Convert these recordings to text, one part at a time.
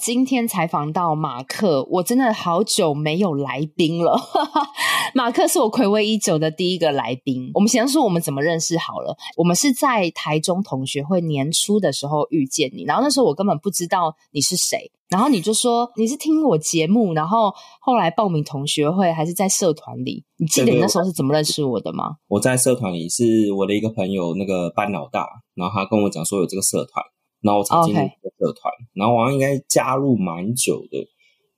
今天採訪到馬克，我真的好久沒有來賓了。哈哈，馬克是我睽違已久的第一個來賓。我們先說我們怎麼認識好了。我們是在台中同學會年初的時候遇見你，然後那時候我根本不知道你是誰，然後你就說你是聽我節目，然後後來報名同學會還是在社團裡？你記得你那時候是怎麼認識我的嗎？對對對，我，我在社團裡是我的一個朋友，那個班老大，然後他跟我講說有這個社團。然後我曾經一個社團，okay. 然後我應該加入蠻久的，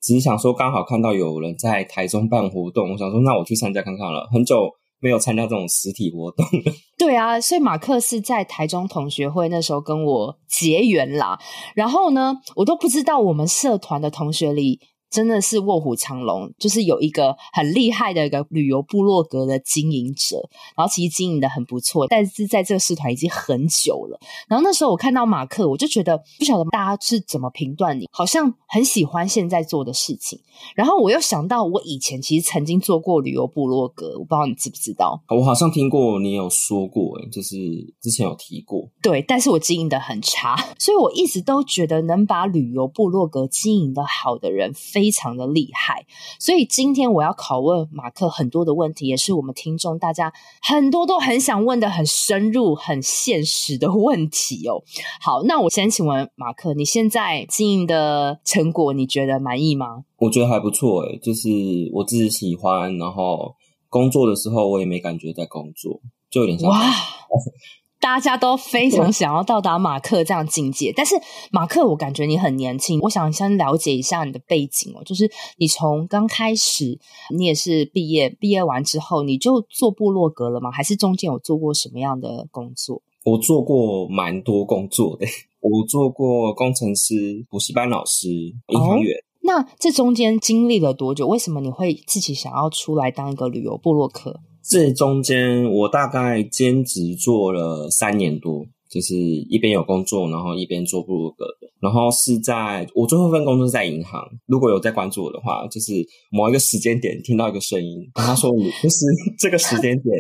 只是想說剛好看到有人在台中辦活動，我想說那我去參加看看了。很久沒有參加這種實體活動了。對啊，所以馬克是在台中同學會那時候跟我結緣啦。然後呢，我都不知道我們社團的同學裡。真的是臥虎藏龍，就是有一個很厲害的一個旅遊部落格的經營者，然後其實經營的很不錯，但是在這個社團已經很久了。然後那時候我看到馬克，我就覺得不曉得大家是怎麼評斷你，好像很喜歡現在做的事情。然後我又想到我以前其實曾經做過旅遊部落格，我不知道你知不知道？我好像聽過你有說過，哎，就是之前有提過。對，但是我經營的很差，所以我一直都覺得能把旅遊部落格經營的好的人，非非常的厲害，所以今天我要拷問馬克很多的問題，也是我們聽眾大家很多都很想問的、很深入、很現實的問題哦。好，那我先請問馬克，你現在經營的成果，你覺得滿意嗎？我覺得還不錯，哎，就是我自己喜歡，然後工作的時候我也沒感覺在工作，就有點像哇。 大家都非常想要到達馬克這樣境界，但是馬克，我感覺你很年輕。我想先了解一下你的背景哦，就是你從剛開始，你也是畢業，畢業完之後你就做部落格了嗎？還是中間有做過什麼樣的工作？我做過蠻多工作的，我做過工程師、補習班老師、銀行員、哦。那這中間經歷了多久？為什麼你會自己想要出來當一個旅遊部落客？這中間我大概兼職做了三年多，就是一邊有工作，然後一邊做部落格的。然後是在我最後一份工作是在銀行，如果有在關注我的話，就是某一個時間點聽到一個聲音，他說就是這個時間點，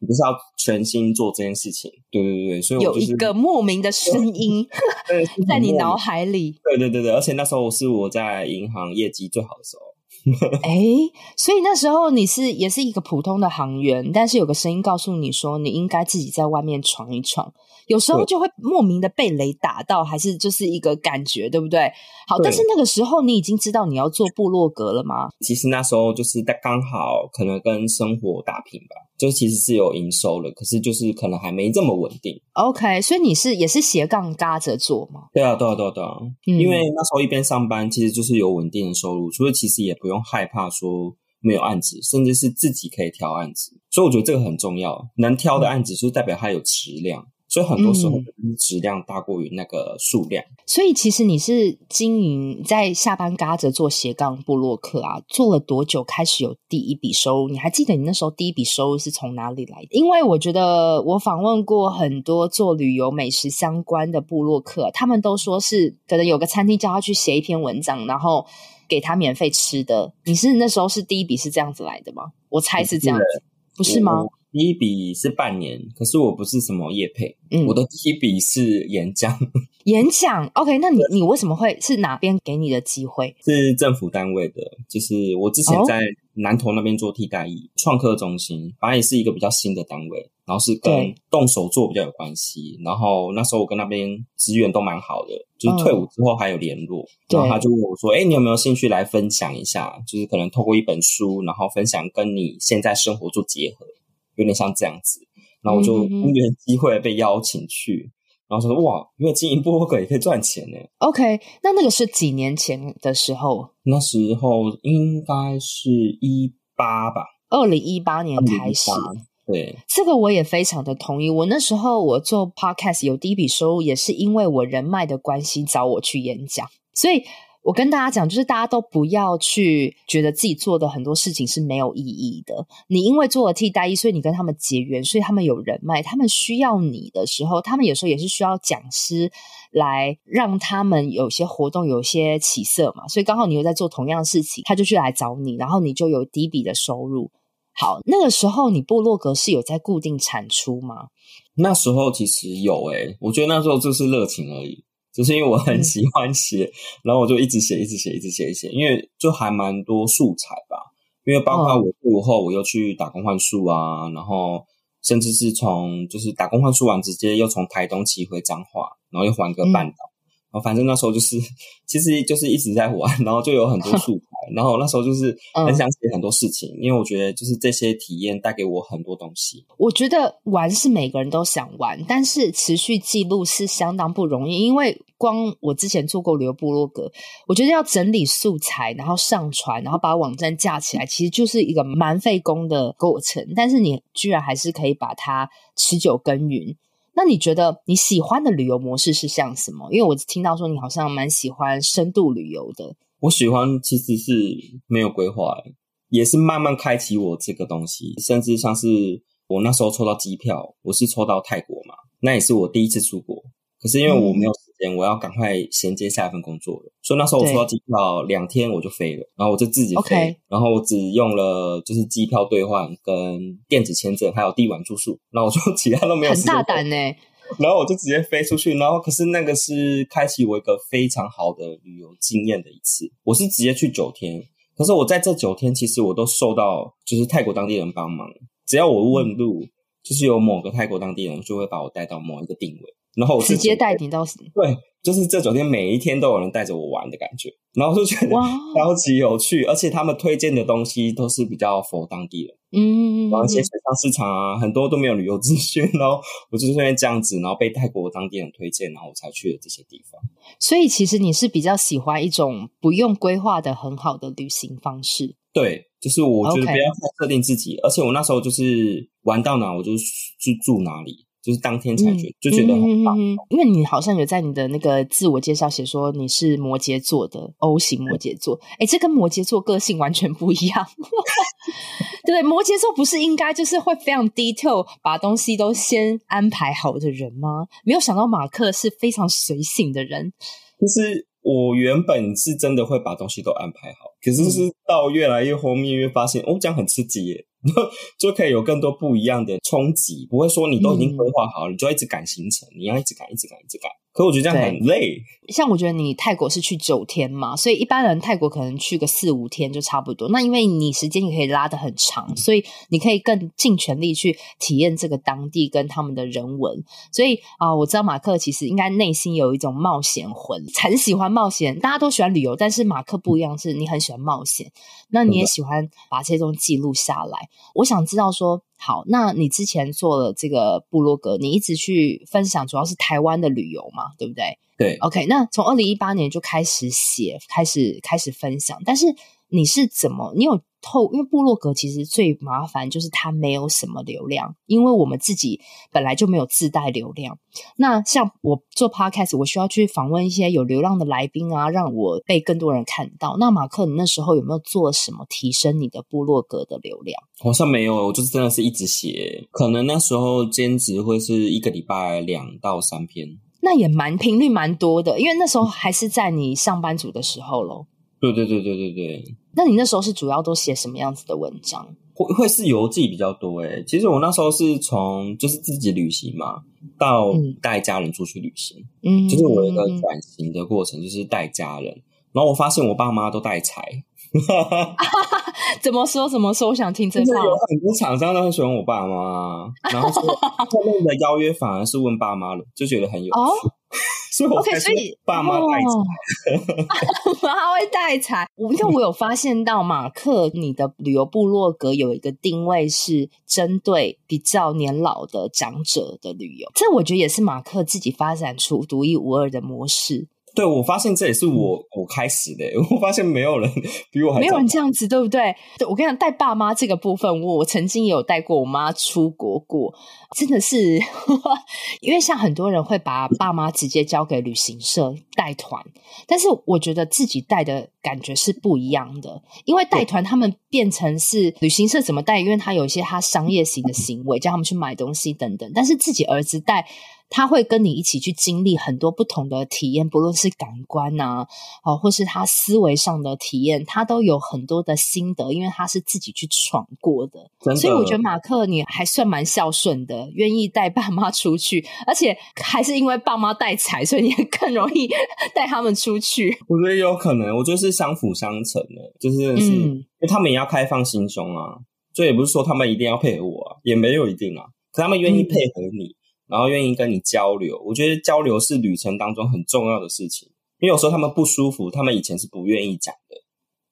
你不是要全心做這件事情。對對對對，所以我、就是、有一個莫名的聲音 在你腦海裡。對對對對，而且那時候是我在銀行業績最好的時候。哎， 所以那時候你是也是一個普通的行員，但是有個聲音告訴你說，你應該自己在外面闖一闖。有時候就會莫名的被雷打到，還是就是一個感覺，對不對？好對，但是那個時候你已經知道你要做部落格了嗎？其實那時候就是在剛好可能跟生活打平吧，就其實是有營收了，可是就是可能還沒這麼穩定。OK，所以你是也是斜槓搭着做嗎？對啊，對啊，對啊，對啊，嗯、因為那時候一邊上班，其實就是有穩定的收入，所以其實也不用害怕說沒有案子，甚至是自己可以挑案子。所以我覺得這個很重要，能挑的案子就是代表他有質量。嗯所以很多時候，質量大過於那個數量，嗯。所以其實你是經營在下班嘎着做斜槓部落客啊，做了多久開始有第一筆收入？你還記得你那時候第一筆收入是從哪裡來的？因為我覺得我訪問過很多做旅遊美食相關的部落客，他們都說是可能有個餐廳叫他去寫一篇文章，然後給他免費吃的。你是那時候是第一筆是這樣子來的嗎？我猜是這樣子，嗯、不是嗎？第一筆是半年，可是我不是什麼業配，嗯、我的第一筆是演講。演講，OK？那你、就是、你為什麼會是哪邊給你的機會？是政府單位的，就是我之前在南投那邊做替代役、哦，創客中心，反正也是一個比較新的單位，然後是跟動手做比較有關係。然後那時候我跟那邊職員都蠻好的，就是退伍之後還有聯絡。嗯、然後他就問我說：“哎、欸，你有沒有興趣來分享一下？就是可能透過一本書，然後分享跟你現在生活做結合。”有點像這樣子，然後我就因緣機會被邀請去，mm -hmm. 然後說，哇，因為經營播客也可以賺錢呢。OK，那那個是幾年前的時候，那時候應該是一八吧，二零一八年開始。2018，對，這個我也非常的同意。我那時候我做 podcast 有第一筆收入，也是因為我人脈的關係找我去演講，所以。我跟大家講，就是大家都不要去覺得自己做的很多事情是沒有意義的。你因為做了替代役，所以你跟他們結緣，所以他們有人脈，他們需要你的時候，他們有時候也是需要講師來讓他們有些活動有些起色嘛。所以剛好你又在做同樣的事情，他就去來找你，然後你就有第一筆的收入。好，那個時候你部落格是有在固定產出嗎？那時候其實有誒、欸，我覺得那時候就是熱情而已。就是因為我很喜歡寫、嗯，然後我就一直寫，一直寫，一直寫，一直寫，因為就還蠻多素材吧。因為包括我畢業、哦、後，我又去打工換宿啊，然後甚至是從就是打工換宿完，直接又從台東騎回彰化，然後又環個半島。嗯哦，反正那時候就是，其實就是一直在玩，然後就有很多素材， 然後那時候就是很想寫很多事情，嗯，因為我覺得就是這些體驗帶給我很多東西。我覺得玩是每個人都想玩，但是持續記錄是相當不容易，因為光我之前做過旅遊部落格，我覺得要整理素材，然後上傳，然後把網站架起來，其實就是一個蠻費工的過程。但是你居然還是可以把它持久耕耘。那你覺得你喜歡的旅遊模式是像什麼？因為我聽到說你好像蠻喜歡深度旅遊的。我喜歡其實是沒有規劃，也是慢慢開啟我這個東西。甚至像是我那時候抽到機票，我是抽到泰國嘛，那也是我第一次出國。可是因為我沒有、嗯。我要趕快銜接下一份工作了，所以那時候我出到機票，兩天我就飛了，然後我就自己飛，Okay. 然後我只用了就是機票兌換跟電子簽證，還有第一晚住宿，那我說其他都沒有很大膽呢、欸，然後我就直接飛出去，然後可是那個是開啟我一個非常好的旅遊經驗的一次，我是直接去九天，可是我在這九天其實我都受到就是泰國當地人幫忙，只要我問路，嗯、就是有某個泰國當地人就會把我帶到某一個定位。然後我直接帶你到對，就是這酒店每一天都有人帶着我玩的感覺，然後我就覺得哇，超級有趣，而且他們推薦的東西都是比較符合當地的。嗯，嗯嗯。然後一些水上市場啊、嗯，很多都沒有旅遊資訊，然後我就是因為這樣子，然後被泰國當地人推薦，然後我才去了這些地方。所以其實你是比較喜歡一種不用規劃的很好的旅行方式？對，就是我覺得不要太設定自己，okay. 而且我那時候就是玩到哪我就去住哪裡。就是當天才覺得、嗯、就覺得很棒、嗯嗯嗯嗯，因為你好像有在你的那個自我介紹寫說你是摩羯座的 O 型摩羯座，誒、欸、這跟摩羯座個性完全不一樣， 對，摩羯座不是應該就是會非常 detail 把東西都先安排好的人嗎？沒有想到馬克是非常隨性的人。就是我原本是真的會把東西都安排好，可是是到越來越後面越發現，嗯、哦，這樣很刺激耶。就 就可以有更多不一樣的衝擊，不會說你都已經規劃好了、嗯，你就要一直趕行程，你要一直趕、一直趕、一直趕。可我覺得這樣很累。像我覺得你泰國是去九天嘛，所以一般人泰國可能去個四五天就差不多。那因為你時間也可以拉得很長、嗯，所以你可以更盡全力去體驗這個當地跟他們的人文。所以啊、呃，我知道馬克其實應該內心有一種冒險魂，很喜歡冒險。大家都喜歡旅游，但是馬克不一樣，是你很喜歡冒險，那你也喜歡把這種記錄下來。嗯、我想知道說。好，那你之前做了這個部落格，你一直去分享，主要是台灣的旅遊嘛，對不對？對。OK，那從2018年就開始寫，開始開始分享，但是。你是怎麼？你有透？因為部落格其實最麻煩就是它沒有什麼流量，因為我們自己本來就沒有自帶流量。那像我做 Podcast，我需要去訪問一些有流量的來賓啊，讓我被更多人看到。那馬克，你那時候有沒有做什麼提升你的部落格的流量？好像沒有，我就是真的是一直寫。可能那時候兼職會是一個禮拜兩到三篇，那也蠻頻率蠻多的，因為那時候還是在你上班族的時候咯。對對對對對對。那你那時候是主要都寫什麼樣子的文章？會會是遊記比較多誒、欸、其實我那時候是從就是自己旅行嘛，到帶家人出去旅行，嗯，就是我一個轉型的過程，就是帶家人、嗯。然後我發現我爸媽都帶財、 啊，怎麼說怎麼說？我想聽真相。很多廠商都很喜歡我爸媽，然後說後面的邀約反而是問爸媽了，就覺得很有趣。哦 所以我才說爸媽帶財 okay, 所以，哦 啊，媽會帶財。因為我有發現到馬克，你的旅遊部落格有一個定位是針對比較年老的長者的旅遊，這我覺得也是馬克自己發展出獨一無二的模式。對，我發現這也是我我開始的。我發現沒有人比我還沒有人這樣子，對不對？對，我跟你講，帶爸媽這個部分，我，我曾經也有帶過我媽出國過，真的是，呵呵，因為像很多人會把爸媽直接交給旅行社帶團，但是我覺得自己帶的感覺是不一樣的，因為帶團他們變成是旅行社怎麼帶，因為他有一些他商業性的行為，叫他們去買東西等等，但是自己兒子帶。他會跟你一起去經歷很多不同的體驗，不論是感官吶，哦，或是他思維上的體驗，他都有很多的心得，因為他是自己去闖過的。的所以我覺得馬克，你還算蠻孝順的，願意帶爸媽出去，而且還是因為爸媽帶財，所以你更容易帶他們出去。我覺得有可能，我覺得是相輔相成的，就是，是、嗯、因為他們也要開放心胸啊，所以也不是說他們一定要配合我啊，也沒有一定啊，可他們願意配合你。嗯然後願意跟你交流，我覺得交流是旅程當中很重要的事情。因為有時候他們不舒服，他們以前是不願意講的。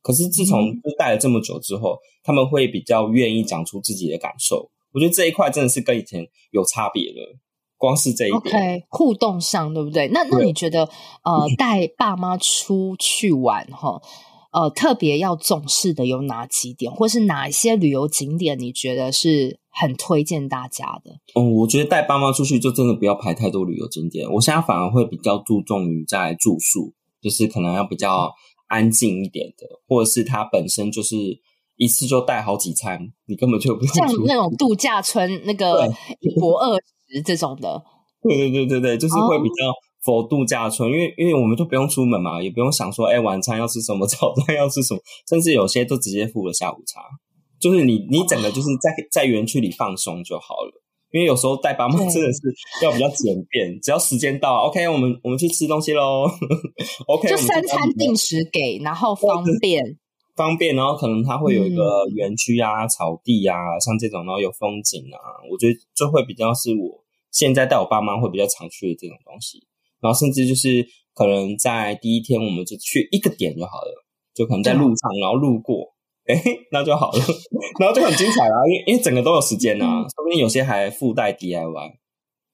可是自從就帶了這麼久之後，嗯、他們會比較願意講出自己的感受。我覺得這一塊真的是跟以前有差別了。光是這一點，Okay，互動上對不對？那那你覺得呃， 帶爸媽出去玩齁，呃，特別要重視的有哪幾點，或是哪一些旅遊景點，你覺得是？很推薦大家的哦，我覺得帶爸媽出去就真的不要排太多旅遊景點。我現在反而會比較注重於在住宿，就是可能要比較安靜一點的，或者是它本身就是一次就帶好幾餐，你根本就不用像那種度假村那個一泊二食這種的。對對對對對，就是會比較佛度假村，因為因為我們就不用出門嘛，也不用想說哎、欸、晚餐要吃什麼，早餐要吃什麼，甚至有些都直接附了下午茶。就是你，你整個就是在在園區裡放鬆就好了，因為有時候帶爸媽真的是要比較簡便，只要時間到，OK，我們我們去吃東西嘍。 OK，就三餐定時給，然後方便方便，然後可能他會有一個園區啊、嗯、草地啊，像這種，然後有風景啊，我覺得就會比較是我現在帶我爸媽會比較常去的這種東西，然後甚至就是可能在第一天我們就去一個點就好了，就可能在路上，然後路過。誒、欸，那就好了，然 後就很精彩啦、啊， 因為因為整個都有時間吶、啊，說不定有些還附帶 DIY，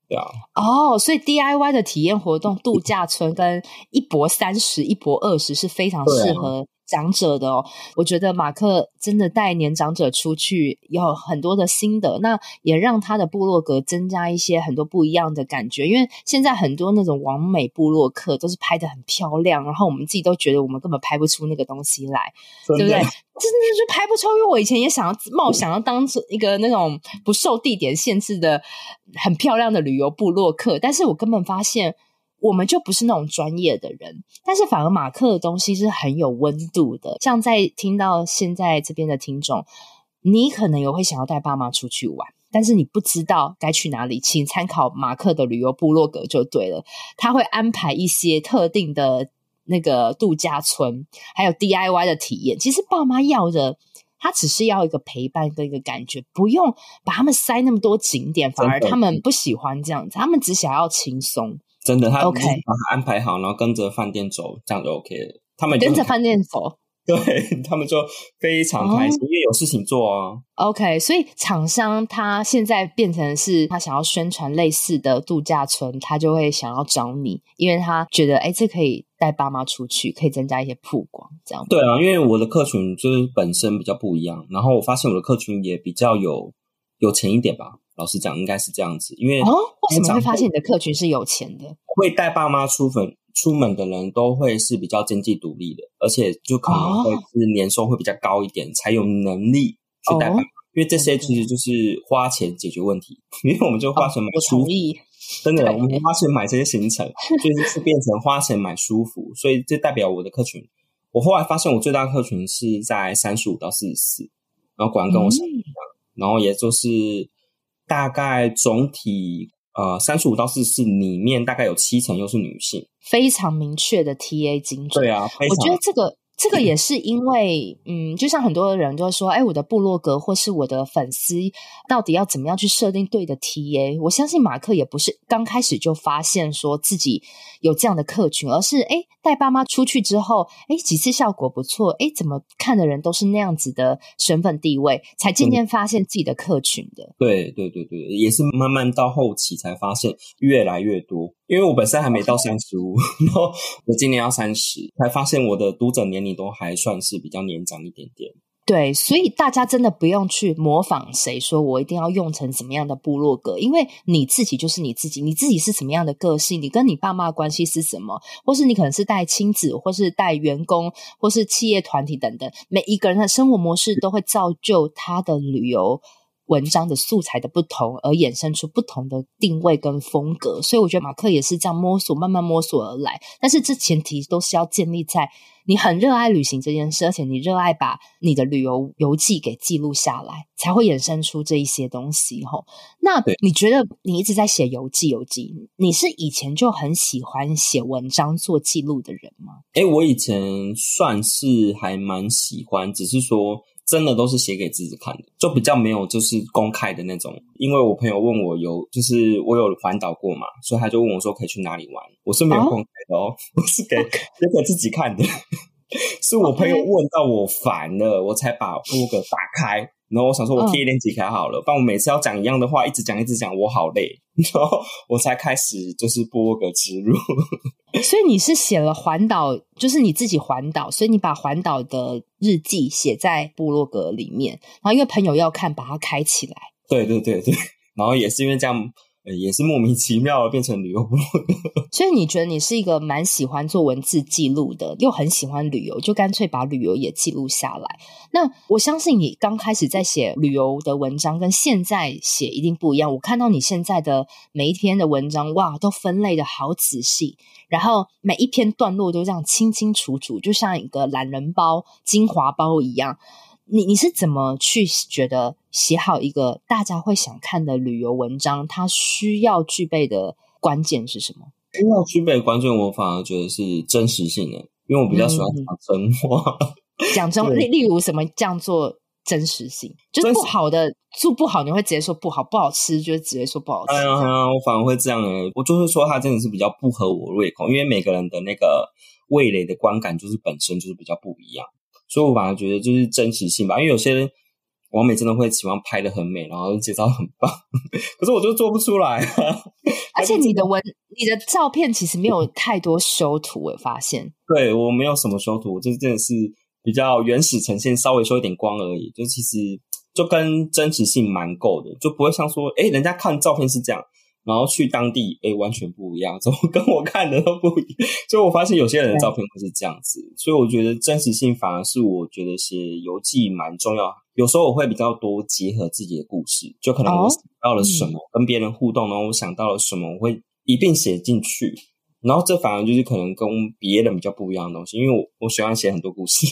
對啊，哦，所以 DIY 的體驗活動、度假村跟一泊三食、一泊二食是非常適合，長者的哦，我覺得馬克真的帶年長者出去有很多的心得，那也讓他的部落格增加一些很多不一樣的感覺。因為現在很多那種網美部落客都是拍的很漂亮，然後我們自己都覺得我們根本拍不出那個東西來，對不對？真的就拍不出。因為我以前也想要冒想要當成一個那種不受地點限制的很漂亮的旅遊部落客，但是我根本發現。我們就不是那種專業的人，但是反而馬克的東西是很有溫度的。像在聽到現在這邊的聽眾，你可能也會想要帶爸媽出去玩，但是你不知道該去哪裡，請參考馬克的旅遊部落格就對了。他會安排一些特定的那個度假村，還有 DIY 的體驗。其實爸媽要的，他只是要一個陪伴跟一個感覺，不用把他們塞那麼多景點，反而他們不喜歡這樣子，他們只想要輕鬆。真的，他 OK，把他安排好，okay. 然後跟着飯店走，這樣就 OK 了。他們跟着飯店走，對，他們就非常開心，oh. 因為有事情做啊。OK，所以廠商他現在變成是他想要宣傳類似的度假村，他就會想要找你，因為他覺得哎，這可以帶爸媽出去，可以增加一些曝光，這樣。對啊，因為我的客群就是本身比較不一樣，然後我發現我的客群也比較有有錢一點吧。老實講，應該是這樣子，因為、哦、為什麼會發現你的客群是有錢的？會帶爸媽出門出門的人都會是比較經濟獨立的，而且就可能會是年收會比較高一點，哦、才有能力去帶爸媽、哦。因為這些其實就是花錢解決問題，哦、因為我們就花錢買舒服、哦，真的，我們花錢買這些行程，就是就變成花錢買舒服。 所以這代表我的客群，我後來發現我最大的客群是在三十五到四十四，然後果然跟我想的一樣，然後也就是。大概總體呃，三十五到四十四裡面大概有七成又是女性，非常明確的 TA 精準。對啊，非常，我覺得這個。這個也是因為，嗯，就像很多人都說，哎，我的部落格或是我的粉絲，到底要怎麼樣去設定對的 TA？我相信馬克也不是剛開始就發現說自己有這樣的客群，而是哎帶爸媽出去之後，哎幾次效果不錯，哎怎麼看的人都是那樣子的身份地位，才漸漸發現自己的客群的。對對對對，也是慢慢到後期才發現越來越多。因為我本身還沒到三十五，然後我今年要三十，才發現我的讀者年齡都還算是比較年長一點點。對，所以大家真的不用去模仿誰，說我一定要用成什麼樣的部落格，因為你自己就是你自己，你自己是什麼樣的個性，你跟你爸媽關係是什麼，或是你可能是帶親子，或是帶員工，或是企業團體等等，每一個人的生活模式都會造就他的旅遊。文章的素材的不同而衍生出不同的定位跟風格，所以我覺得馬克也是這樣摸索，慢慢摸索而來。但是這前提都是要建立在你很熱愛旅行這件事，而且你熱愛把你的旅遊遊記給記錄下來，才會衍生出這一些東西。吼，那你覺得你一直在寫遊記，遊記你是以前就很喜歡寫文章做記錄的人嗎？誒、欸，我以前算是還蠻喜歡，只是說。真的都是寫給自己看的，就比較沒有就是公開的那種。因為我朋友問我有，就是我有環島過嘛，所以他就問我說可以去哪裡玩。我是沒有公開的哦，Oh? 我是給給給自己看的。是我朋友問到我煩了，Okay. 我才把部落格打開，然後我想說，我貼一點幾條好了、嗯，但我每次要講一樣的話，一直講一直講，我好累，然後我才開始就是部落格之路。所以你是寫了環島，就是你自己環島，所以你把環島的日記寫在部落格裡面，然後因為朋友要看，把它開起來。對對對對，然後也是因為這樣。也是莫名其妙的變成旅遊。 所以你覺得你是一個蠻喜歡做文字記錄的，又很喜歡旅遊，就乾脆把旅遊也記錄下來。那我相信你剛開始在寫旅遊的文章，跟現在寫一定不一樣。我看到你現在的每一篇的文章，哇，都分類得好仔細，然後每一篇段落都這樣清清楚楚，就像一個懶人包，精華包一樣。你你是怎麼去覺得寫好一個大家會想看的旅遊文章，它需要具備的關鍵是什麼？需要具備的關鍵，我反而覺得是真實性的，因為我比較喜歡、嗯、 講真話。講真話，例如什麼這樣做真實性？就是不好的做不好，你會直接說不好，不好吃，就是直接說不好吃。吃、哎。哎呀，我反而會這樣哎，我就是說它真的是比較不合我胃口，因為每個人的那個味蕾的觀感，就是本身就是比較不一樣。所以，我反而覺得就是真實性吧，因為有些網美真的會喜歡拍的很美，然後介紹很棒，可是我就做不出來。而且，你的文 你的照片其實沒有太多修圖，我發現。對，我沒有什麼修圖，就是真的是比較原始呈現，稍微修一點光而已。就其實就跟真實性蠻夠的，就不會像說，哎、欸，人家看照片是這樣。然後去當地，哎，完全不一樣，怎麼跟我看的都不一樣？所以，我發現有些人的照片會是這樣子，所以我覺得真實性反而是我覺得寫遊記蠻重要。有時候我會比較多結合自己的故事，就可能我想到了什麼，跟別人互動，oh, 然後我想到了什麼，我會一併寫進去，嗯。然後這反而就是可能跟別人比較不一樣的東西，因為我我喜歡寫很多故事。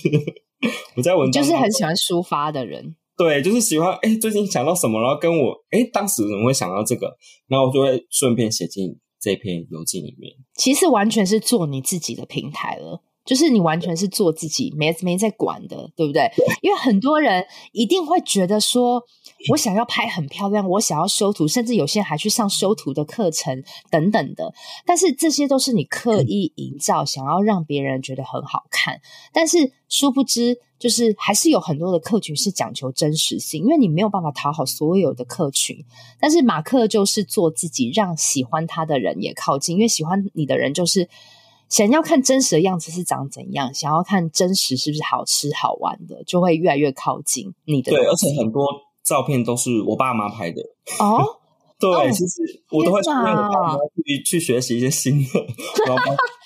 我在文中就是很喜歡抒發的人。對，就是喜歡哎，最近想到什麼，然後跟我哎，當時怎麼會想到這個？然後我就會順便寫進這篇遊記裡面。其實完全是做你自己的平台了。就是你完全是做自己，沒沒在管的，對不對？因為很多人一定會覺得說，我想要拍很漂亮，我想要修圖，甚至有些人還去上修圖的課程等等的。但是這些都是你刻意營造，想要讓別人覺得很好看。但是殊不知，就是還是有很多的客群是講求真實性，因為你沒有辦法討好所有的客群。但是馬克就是做自己，讓喜歡他的人也靠近，因為喜歡你的人就是。想要看真實的樣子是長怎樣，想要看真實是不是好吃好玩的，就會越來越靠近你的。對，而且很多照片都是我爸媽拍的。哦， 對哦，其實我都會為爸媽去、哦、去學習一些新的。哦、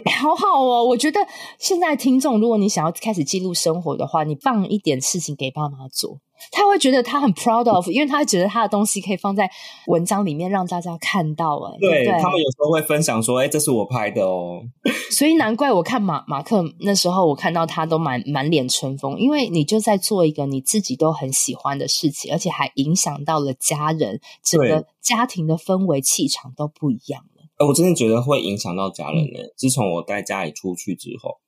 好好哦，我覺得現在聽眾，如果你想要開始記錄生活的話，你放一點事情給爸媽做。他會覺得他很 proud of，因為他會覺得他的東西可以放在文章裡面讓大家看到。哎，對，對，對，他們有時候會分享說：“哎、欸，這是我拍的哦。 ”所以難怪我看馬馬克那時候，我看到他都滿滿臉春風，因為你就在做一個你自己都很喜歡的事情，而且還影響到了家人，整個家庭的氛圍氣場都不一樣了。哎、呃，我真的覺得會影響到家人。呢、嗯，自從我帶家裡出去之後。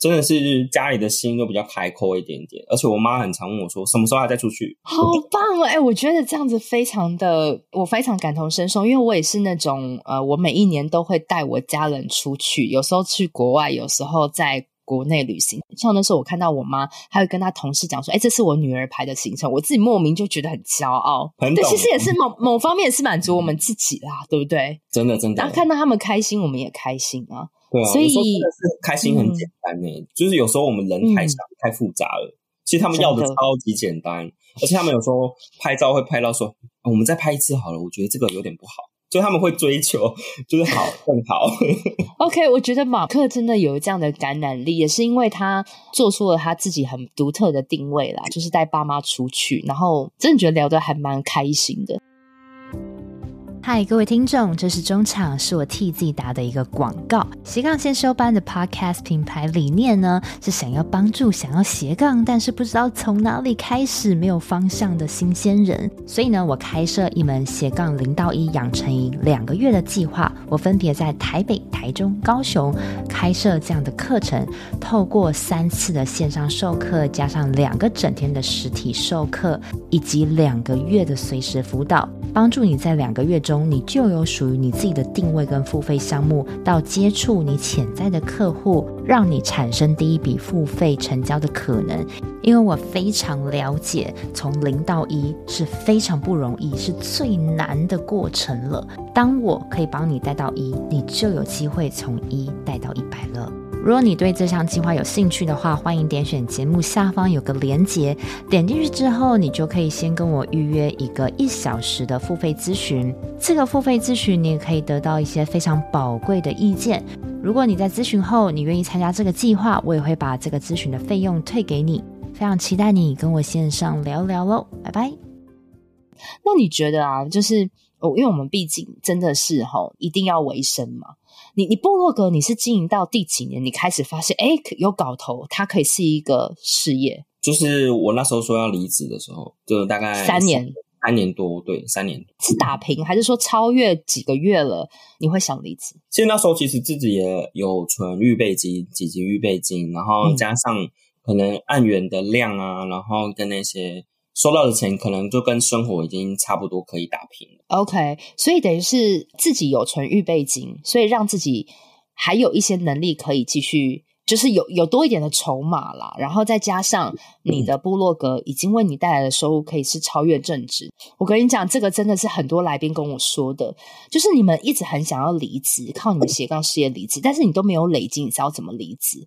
真的是家裡的心都比較開闊一點點，而且我媽很常問我說：“什麼時候還再出去？”好棒哎、欸！我覺得這樣子非常的，我非常感同身受，因為我也是那種呃，我每一年都會帶我家人出去，有時候去國外，有時候在國內旅行。像那時候我看到我媽，還會跟她同事講說：“哎、欸，這是我女兒排的行程。”我自己莫名就覺得很驕傲很懂。對，其實也是某某方面是滿足我們自己啦，對不對？真的真的，然後看到他們開心，我們也開心啊。對啊，有時候真的是開心很簡單呢、欸嗯，就是有時候我們人太強、嗯、太複雜了，其實他們要的超級簡單，嗯、而且他們有時候拍照會拍到說、 哦，我們再拍一次好了，我覺得這個有點不好，所以他們會追求就是好 更好。OK， 我覺得馬克真的有這樣的感染力，也是因為他做出了他自己很獨特的定位啦，就是帶爸媽出去，然後真的覺得聊得還蠻開心的。嗨，各位聽眾，這是中場，是我替自己打的一個廣告。斜槓先修班的 Podcast 品牌理念呢，是想要幫助想要斜槓但是不知道從哪裡開始、沒有方向的新鮮人。所以呢，我開設一門斜槓零到一養成營，兩個月的計劃。我分別在台北、台中、高雄開設這樣的課程，透過三次的線上授課，加上兩個整天的實體授課，以及兩個月的隨時輔導，幫助你在兩個月中，你就有屬於你自己的定位跟付費項目，到接觸你潛在的客戶，讓你產生第一筆付費成交的可能。因為我非常了解，從零到一是非常不容易，是最難的過程了。當我可以幫你帶到一，你就有機會從一帶到一百了。如果你對這項計劃有興趣的話，歡迎點選節目下方有個連結，點進去之後，你就可以先跟我預約一個一小時的付費諮詢。這個付費諮詢，你也可以得到一些非常寶貴的意見。如果你在諮詢後，你願意參加這個計劃，我也會把這個諮詢的費用退給你。非常期待你跟我線上聊聊嘍，拜拜。那你覺得啊，就是哦，因為我們畢竟真的是哈、哦，一定要維生嘛。你你部落格你是經營到第幾年？你開始發現哎有搞頭，它可以是一個事業。就是我那時候說要離職的時候，就大概三年，三年多對，三年多是打平還是說超越幾個月了？你會想離職？其實那時候其實自己也有存預備金，緊急預備金，然後加上可能案源的量啊，然後跟那些。收到的錢可能就跟生活已經差不多可以打平了。OK，所以等於是自己有存預備金，所以讓自己還有一些能力可以繼續，就是有有多一點的籌碼了。然後再加上你的部落格已經為你帶來的收入可以是超越正職。嗯，我跟你講，這個真的是很多來賓跟我說的，就是你們一直很想要離職，靠你們斜槓事業離職，但是你都沒有累積，你知道怎麼離職。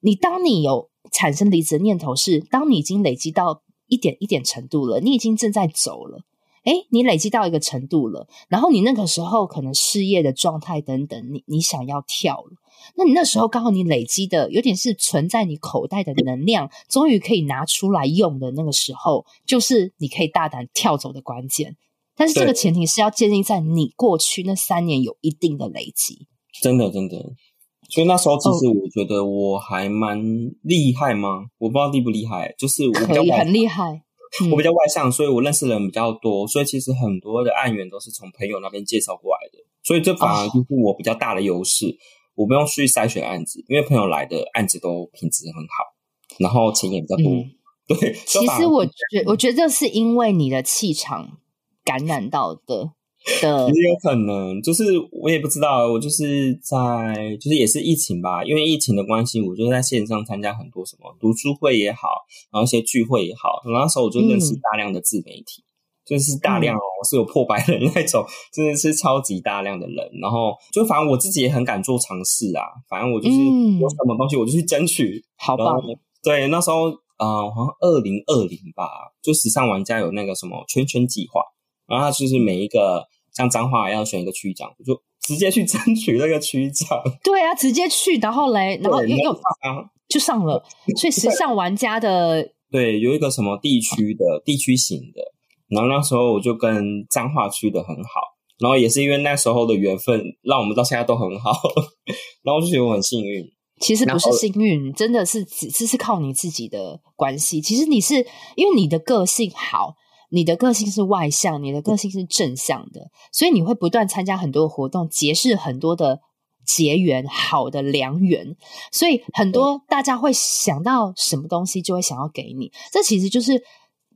你當你有產生離職的念頭是，是當你已經累積到。一點一點程度了，你已經正在走了。哎，你累積到一個程度了，然後你那個時候可能事業的狀態等等，你你想要跳了，那你那時候剛好你累積的有點是存在你口袋的能量，終於可以拿出來用的那個時候，就是你可以大膽跳走的關鍵。但是這個前提是要建立在你過去那三年有一定的累積。真的，真的。真的。所以那時候，其實我覺得我還蠻厲害嗎？Oh. 我不知道厲不厲害，就是我比較很厲害，我比較外向、嗯，所以我認識的人比較多，所以其實很多的案源都是從朋友那邊介紹過來的，所以這反而就是我比較大的優勢。Oh. 我不用去篩選案子，因為朋友來的案子都品質很好，然後錢也比較多。嗯、 對，其實我覺得 我覺得這是因為你的氣場感染到的。也有可能，就是我也不知道，我就是在，就是也是疫情吧，因為疫情的關係，我就是在線上參加很多什麼讀書會也好，然後一些聚會也好。然後那時候我就認識大量的自媒體，嗯、就是大量哦，我、嗯、是有破百的那種，真、就、的是超級大量的人。然後就反正我自己也很敢做嘗試啊，反正我就是有什麼東西我就去爭取。嗯、好棒！對，那時候啊、呃，好像二零二零吧，就時尚玩家有那個什麼圈圈計劃，然後他就是每一個。像彰化一樣選一個區長，就直接去爭取那個區長。對啊，直接去，然後嘞，然後又又啊，就上了。所以，時尚玩家的對有一個什麼地區的地區型的。然後那時候我就跟彰化區的很好，然後也是因為那時候的緣分，讓我們到現在都很好。然後就覺得我很幸運。其實不是幸運，真的是只是靠你自己的關係。其實你是因為你的個性好。你的個性是外向，你的個性是正向的，嗯，所以你會不斷參加很多活動，結識很多的結緣好的良緣，所以很多大家會想到什麼東西就會想要給你。嗯、這其實就是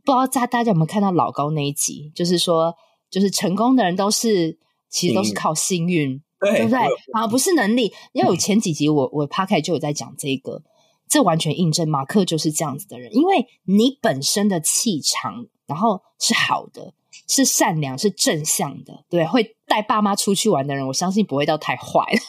不知道在大家有沒有看到老高那一集，就是說，就是成功的人都是其實都是靠幸運，嗯、對不對啊？對對，然後不是能力。因為前幾集我、嗯、我 podcast 就有在講這個。這完全印證馬克就是這樣子的人，因為你本身的氣場，然後是好的，是善良，是正向的，對，會帶爸媽出去玩的人，我相信不會到太壞了，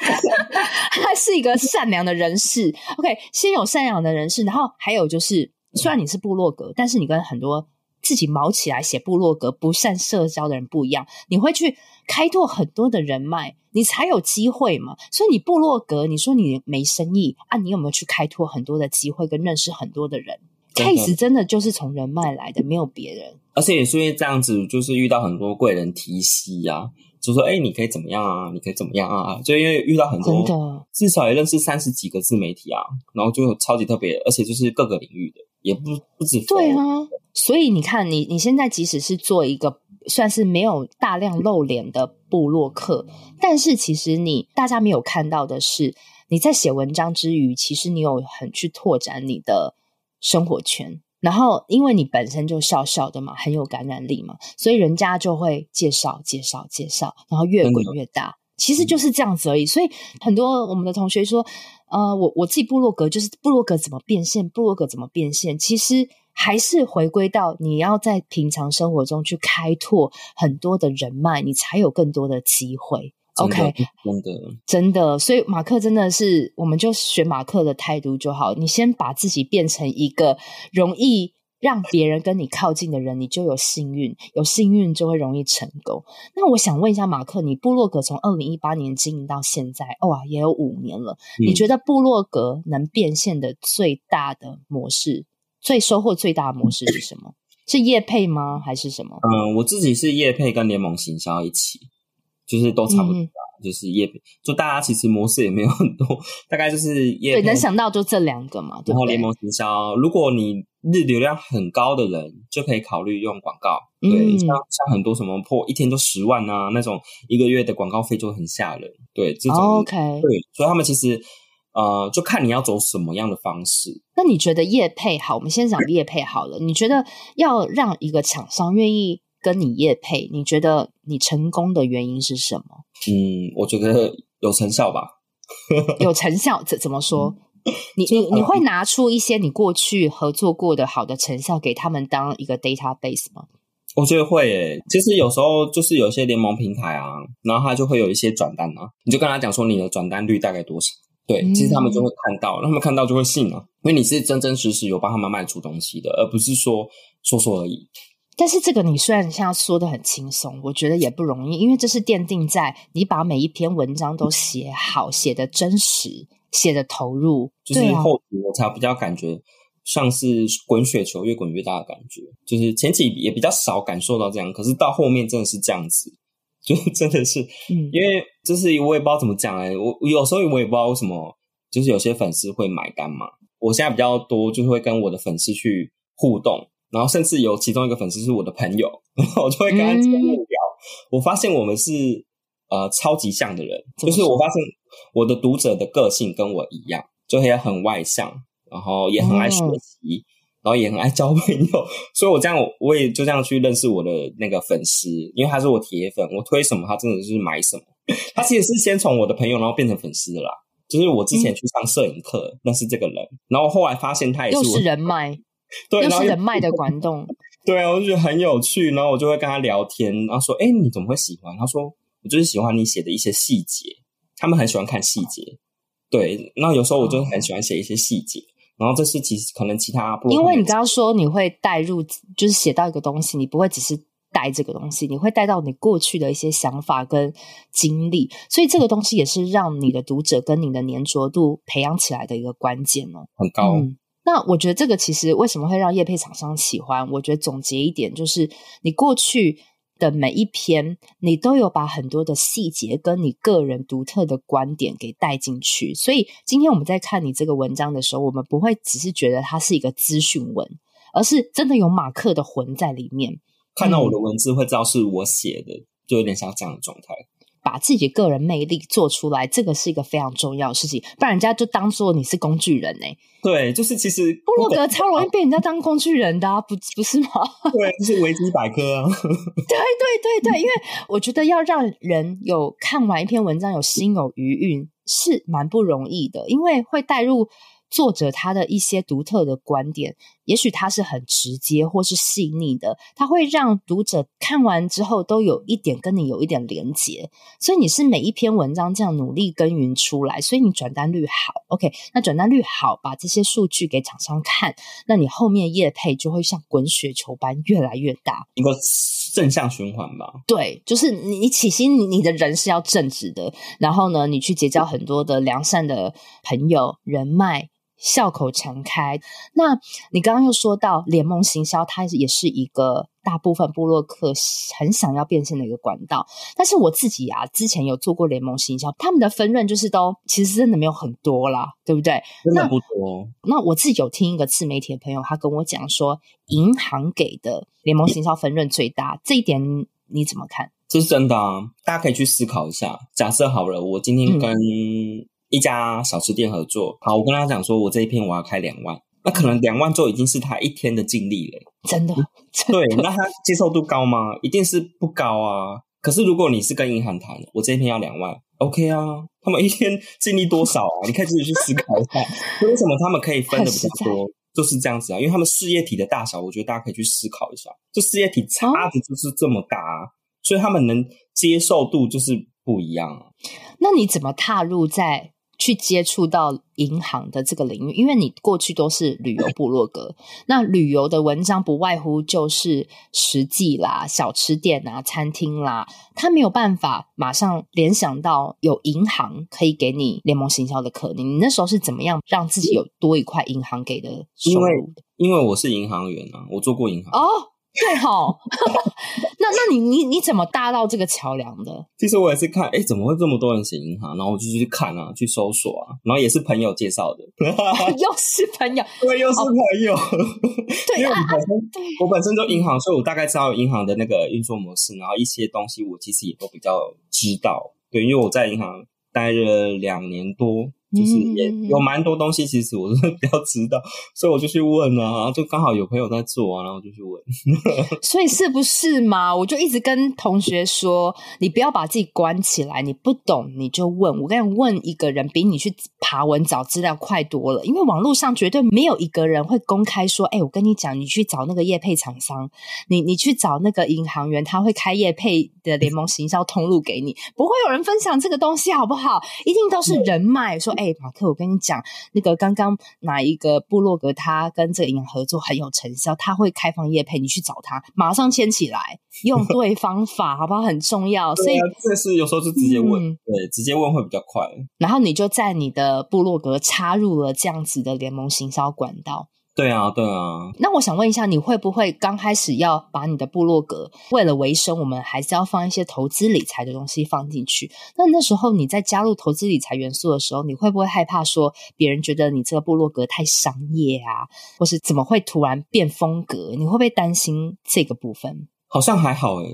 他是一個善良的人士。OK，先有善良的人士，然後還有就是，雖然你是部落格，但是你跟很多。自己卯起來寫部落格，不善社交的人不一樣，你會去開拓很多的人脈，你才有機會嘛。所以你部落格，你說你沒生意啊？你有沒有去開拓很多的機會跟認識很多的人？case 真的就是從人脈來的，沒有別人。而且也是因為這樣子，就是遇到很多貴人提攜啊，就說哎、欸，你可以怎麼樣啊？你可以怎麼樣啊？就因為遇到很多，真的至少也認識三十幾個自媒體啊，然後就超級特別，而且就是各個領域的。也不不止，對啊，所以你看你，你你現在即使是做一個算是沒有大量露臉的部落客，但是其實你大家沒有看到的是，你在寫文章之餘，其實你有很去拓展你的生活圈，然後因為你本身就笑笑的嘛，很有感染力嘛，所以人家就會介紹介紹介紹，然後越滾越大，其實就是這樣子而已。嗯，所以很多我們的同學說。呃，我我自己部落格就是部落格怎麼變現，部落格怎麼變現，其實還是回歸到你要在平常生活中去開拓很多的人脈，你才有更多的機會。真 OK，真的，真的，所以馬克真的是，我們就學馬克的態度就好，你先把自己變成一個容易。讓別人跟你靠近的人，你就有幸運，有幸運就會容易成功。那我想問一下馬克，你部落格從二零一八年經營到現在，哇，也有五年了。你覺得部落格能變現的最大的模式，最收穫最大的模式是什麼？是業配嗎？還是什麼？嗯，我自己是業配跟聯盟行銷一起，就是都差不多，嗯、就是業配，就大家其實模式也沒有很多，大概就是業配，對，能想到就這兩個嘛，對，對。然後聯盟行銷，如果你。日流量很高的人就可以考慮用廣告，對，嗯、像像很多什麼破一天就十萬吶、啊，那種一個月的廣告費就很嚇人，對這種、哦，OK 對，所以他們其實呃，就看你要走什麼樣的方式。那你覺得業配好？我們先講業配好了。你覺得要讓一個廠商願意跟你業配，你覺得你成功的原因是什麼？嗯，我覺得有成效吧。有成效怎怎麼說？嗯你你你會拿出一些你過去合作過的好的成效給他們當一個 database 嗎？我覺得會、欸、其實有時候就是有些聯盟平台啊，然後他就會有一些轉單啊，你就跟他講說你的轉單率大概多少？對、嗯，其實他們就會看到，他們看到就會信了、啊，因為你是真真實實有幫他們賣出東西的，而不是說說說而已。但是這個你雖然現在說的很輕鬆，我覺得也不容易，因為這是奠定在你把每一篇文章都寫好，寫得真實。寫的投入，就是後期我才比較感覺像是滾雪球越滾越大的感覺，就是前期也比較少感受到這樣，可是到後面真的是這樣子，就真的是、嗯、因為就是我也不知道怎麼講哎，我有時候我也不知道為什麼，就是有些粉絲會買單嘛，我現在比較多就是會跟我的粉絲去互動，然後甚至有其中一個粉絲是我的朋友，然後我就會跟他見面聊，我發現我們是呃超級像的人，就是我發現。我的讀者的個性跟我一樣，就也很外向，然後也很愛學習、嗯，然後也很愛交朋友，所以我這樣我也就這樣去認識我的那個粉絲，因為他是我鐵粉，我推什麼他真的是買什麼。他其實是先從我的朋友，然後變成粉絲的啦。就是我之前去上攝影課，認、嗯、識這個人，然後後來發現他也是我又是人脈，對，又是人脈的管道，對啊，我就覺得很有趣，然後我就會跟他聊天，然後說：“哎，你怎麼會喜歡？”他說：“我就是喜歡你寫的一些細節。”他們很喜歡看細節、啊，對。那有時候我就很喜歡寫一些細節，啊、然後這是其實可能其他部。因為你剛剛說你會帶入，就是寫到一個東西，你不會只是帶這個東西，你會帶到你過去的一些想法跟經歷，所以這個東西也是讓你的讀者跟你的粘着度培養起來的一個關鍵哦，很高。嗯、那我覺得這個其實為什麼會讓業配廠商喜歡？我覺得總結一點就是，你過去。的每一篇，你都有把很多的細節跟你個人獨特的觀點給帶進去，所以今天我們在看你這個文章的時候，我們不會只是覺得它是一個資訊文，而是真的有馬克的魂在裡面。看到我的文字會知道是我寫的，就有點像這樣的狀態。把自己個人魅力做出來，這個是一個非常重要的事情。不然人家就當做你是工具人呢。欸？對，就是其實部落格超容易被人家當工具人的，啊，不不是嗎？對，就是維基百科、啊 對。對對對對，因為我覺得要讓人有看完一篇文章有心有餘韻是蠻不容易的，因為會帶入作者他的一些獨特的觀點。也許它是很直接，或是細膩的，它會讓讀者看完之後都有一點跟你有一點連結，所以你是每一篇文章這樣努力耕耘出來，所以你轉單率好，OK？那轉單率好，把這些數據給廠商看，那你後面業配就會像滾雪球般越來越大，一個正向循環吧。對，就是你起心，你的人是要正直的，然後呢，你去結交很多的良善的朋友人脈。笑口常開。那你剛剛又說到聯盟行銷，它也是一個大部分部落客很想要變現的一個管道。但是我自己啊，之前有做過聯盟行銷，他們的分潤就是都其實真的沒有很多啦，對不對？真的不多。那，那我自己有聽一個自媒體的朋友，他跟我講說，銀行給的聯盟行銷分潤最大，嗯、這一點你怎麼看？這是真的啊！大家可以去思考一下。假設好了，我今天跟。嗯一家小吃店合作，好，我跟他講說，我這一篇我要開兩萬，那可能兩萬就已經是他一天的淨利了。真，真的，對，那他接受度高嗎？一定是不高啊。可是如果你是跟銀行談，我這一篇要兩萬，OK 啊？他們一天淨利多少啊？ 你可以自己去思考一下， 為什麼他們可以分的比較多，就是這樣子啊？因為他們事業體的大小，我覺得大家可以去思考一下，就事業體差的就是這麼大，啊、哦，所以他們能接受度就是不一樣。啊。那你怎麼踏入在？去接觸到銀行的這個領域，因為你過去都是旅遊部落格，那旅遊的文章不外乎就是食記啦、小吃店啦、啊、餐廳啦，他沒有辦法馬上聯想到有銀行可以給你聯盟行銷的可能。你那時候是怎麼樣讓自己有多一塊銀行給的收入？因為，因為我是銀行員啊，我做過銀行哦。Oh! 最 好對、哦， 那那你你你怎麼搭到這個橋梁的？其實我也是看，哎，怎麼會這麼多人寫銀行？然後我就去看啊，去搜索啊，然後也是朋友介紹的， 又是朋友，對，又是朋友。 對，因為我本身、啊、我本身就銀行，所以我大概知道銀行的那個運作模式，然後一些東西我其實也都比較知道。對，因為我在銀行待了兩年多。就是也有蠻多東西，其實我是比較知道，所以我就去問啊，就剛好有朋友在做、啊，然後我就去問。 所以是不是嘛？我就一直跟同學說，你不要把自己關起來，你不懂你就問。我跟你問一個人，比你去爬文找資料快多了，因為網絡上絕對沒有一個人會公開說，哎、欸，我跟你講，你去找那個業配廠商，你你去找那個銀行員，他會開業配的聯盟行銷通路給你，不會有人分享這個東西，好不好？一定都是人脈說。欸哎、欸，馬克，我跟你講，那個剛剛哪一個部落格，他跟這個營養合作很有成效，他會開放業配，你去找他，馬上簽起來，用對方法， 好不好？很重要。啊、所以但是有時候是直接問、嗯，對，直接問會比較快。然後你就在你的部落格插入了這樣子的聯盟行銷管道。對啊，對啊。那我想問一下，你會不會剛開始要把你的部落格為了維生，我們還是要放一些投資理財的東西放進去？那那時候你在加入投資理財元素的時候，你會不會害怕說別人覺得你這個部落格太商業啊，或是怎麼會突然變風格？你會不會擔心這個部分？好像還好誒，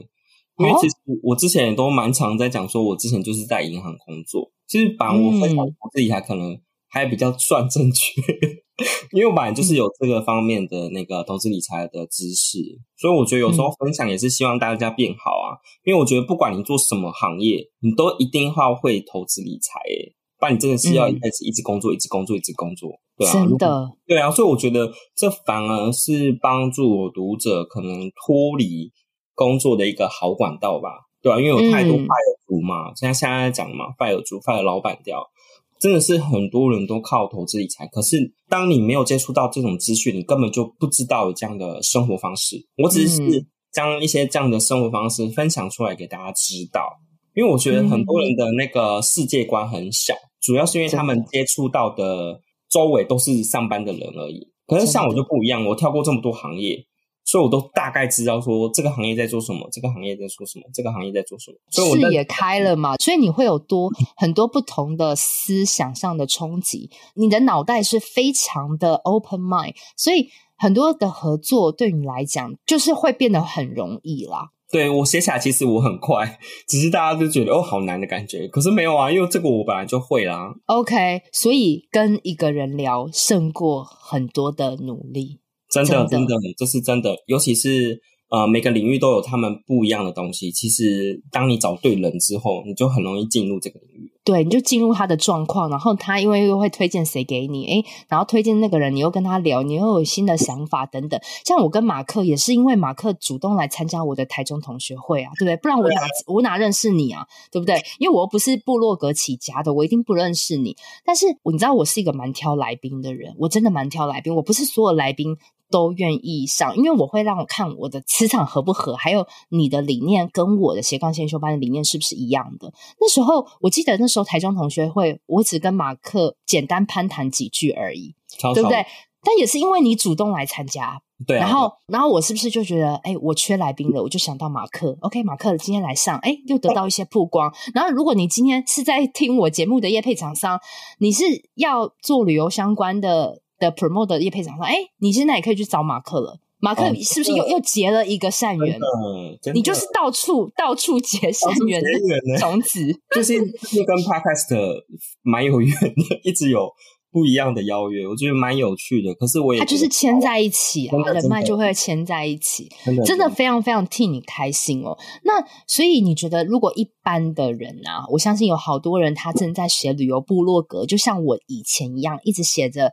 因為其實我之前也都蠻常在講說，我之前就是在銀行工作，其實把我分享我自己還可能。還比較算正確， 因為我本來就是有這個方面的那個投資理財的知識，所以我覺得有時候分享也是希望大家變好啊。因為我覺得不管你做什麼行業，你都一定要會投資理財、欸，不然你真的是要開始一直工作，一直工作，一直工作，對啊，真的，對啊。所以我覺得這反而是幫助讀者可能脫離工作的一個好管道吧，對啊，因為有太多拜有主嘛，像現在講的嘛，拜，拜有主，拜老板掉。真的是很多人都靠投資理財，可是當你沒有接觸到這種資訊，你根本就不知道有這樣的生活方式。我只是將一些這樣的生活方式分享出來給大家知道，因為我覺得很多人的那個世界觀很小，主要是因為他們接觸到的周圍都是上班的人而已。可是像我就不一樣，我跳過這麼多行業。所以，我都大概知道說這個行業在做什麼，這個行業在做什麼，這個行業在做什麼。所以我視野開了嘛，所以你會有多 很多不同的思想上的衝擊，你的腦袋是非常的 open mind，所以很多的合作對你來講就是會變得很容易啦。對，我寫起來其實我很快，只是大家都覺得哦，好難的感覺，可是沒有啊，因為這個我本來就會啦。OK，所以跟一個人聊勝過很多的努力。真的，真的，真的，這是真的。尤其是呃，每個領域都有他們不一樣的東西。其實，當你找對人之後，你就很容易進入這個領域。對，你就進入他的狀況，然後他因為又會推薦誰給你，誒，然後推薦那個人，你又跟他聊，你又有新的想法等等。像我跟馬克也是因為馬克主動來參加我的台中同學會啊，對不對？不然我哪我哪認識你啊，對不對？因為我又不是部落格起家的，我一定不認識你。但是，你知道我是一個蠻挑來賓的人，我真的蠻挑來賓，我不是所有來賓。都願意上，因為我會讓我看我的磁場合不合，還有你的理念跟我的斜槓先修班的理念是不是一樣的？那時候我記得那時候台中同學會，我只跟馬克簡單攀談幾句而已，超超，對不對？但也是因為你主動來參加，對，啊，然後然後我是不是就覺得，哎，我缺來賓了，我就想到馬克，OK，馬克今天來上，哎，又得到一些曝光，哦。然後如果你今天是在聽我節目的業配廠商，你是要做旅遊相關的，的 Promoter 的業配廠商，哎、欸，你現在也可以去找馬克了，馬克是不是又、哦、又結了一個善緣？你就是到處到處結善緣的種子，欸、 就是就跟 Podcast 蠻有緣的，一直有。”不一樣的邀約，我覺得蠻有趣的。可是我也，他就是牽在一起啊，人脈就會牽在一起，真的非常非常替你開心哦。那所以你覺得，如果一般的人啊，我相信有好多人他正在寫旅遊部落格，就像我以前一樣，一直寫着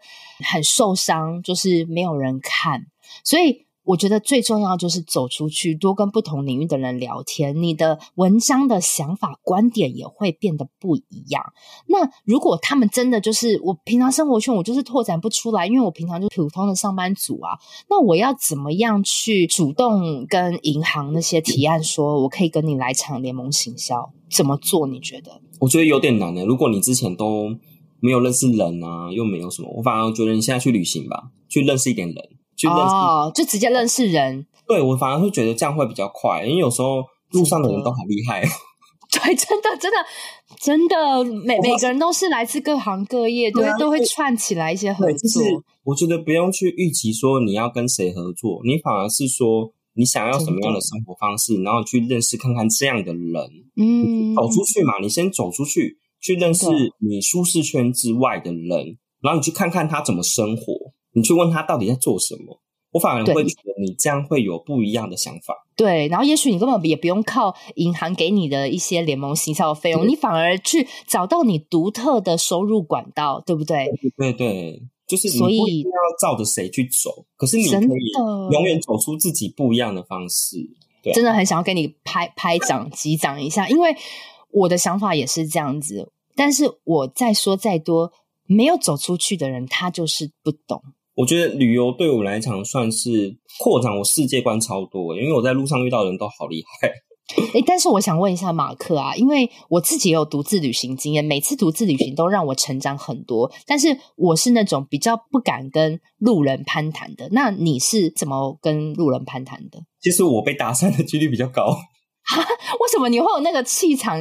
很受傷，就是沒有人看，所以。我覺得最重要就是走出去，多跟不同領域的人聊天，你的文章的想法觀點也會變得不一樣。那如果他們真的就是我平常生活圈，我就是拓展不出來，因為我平常就普通的上班族啊，那我要怎麼樣去主動跟銀行那些提案說，我可以跟你來場聯盟行銷？怎麼做你覺得？我覺得有點難呢、欸，如果你之前都沒有認識人啊，又沒有什麼，我反而覺得你現在去旅行吧，去認識一點人。哦，oh, 就直接認識人。對，我反而是覺得這樣會比較快，因為有時候路上的人都很厲害。 對，真的，真的，真的，每每個人都是來自各行各業，都會、就是、都會串起來一些合作。對對對就是、我覺得不用去預期說你要跟誰合作，你反而是說你想要什麼樣的生活方式，然後去認識看看這樣的人。嗯，走出去嘛，你先走出去，去認識你舒適圈之外的人，然後你去看看他怎麼生活。你去問他到底在做什麼，我反而會覺得你這樣會有不一樣的想法。對，對，然後也許你根本也不用靠銀行給你的一些聯盟行銷的費用，你反而去找到你獨特的收入管道，對不對？對對，對，就是所以要照着誰去走，可是你可以永遠走出自己不一樣的方式。對啊，真的很想要跟你拍拍掌、擊掌一下， 因為我的想法也是這樣子。但是我再說再多，沒有走出去的人，他就是不懂。我覺得旅遊對我來講算是擴展我世界觀超多，因為我在路上遇到的人都好厲害。哎、欸，但是我想問一下馬克啊，因為我自己也有獨自旅行經驗，每次獨自旅行都讓我成長很多。但是我是那種比較不敢跟路人攀談的，那你是怎麼跟路人攀談的？其實我被搭訕的幾率比較高。哈？為什麼你會有那個氣場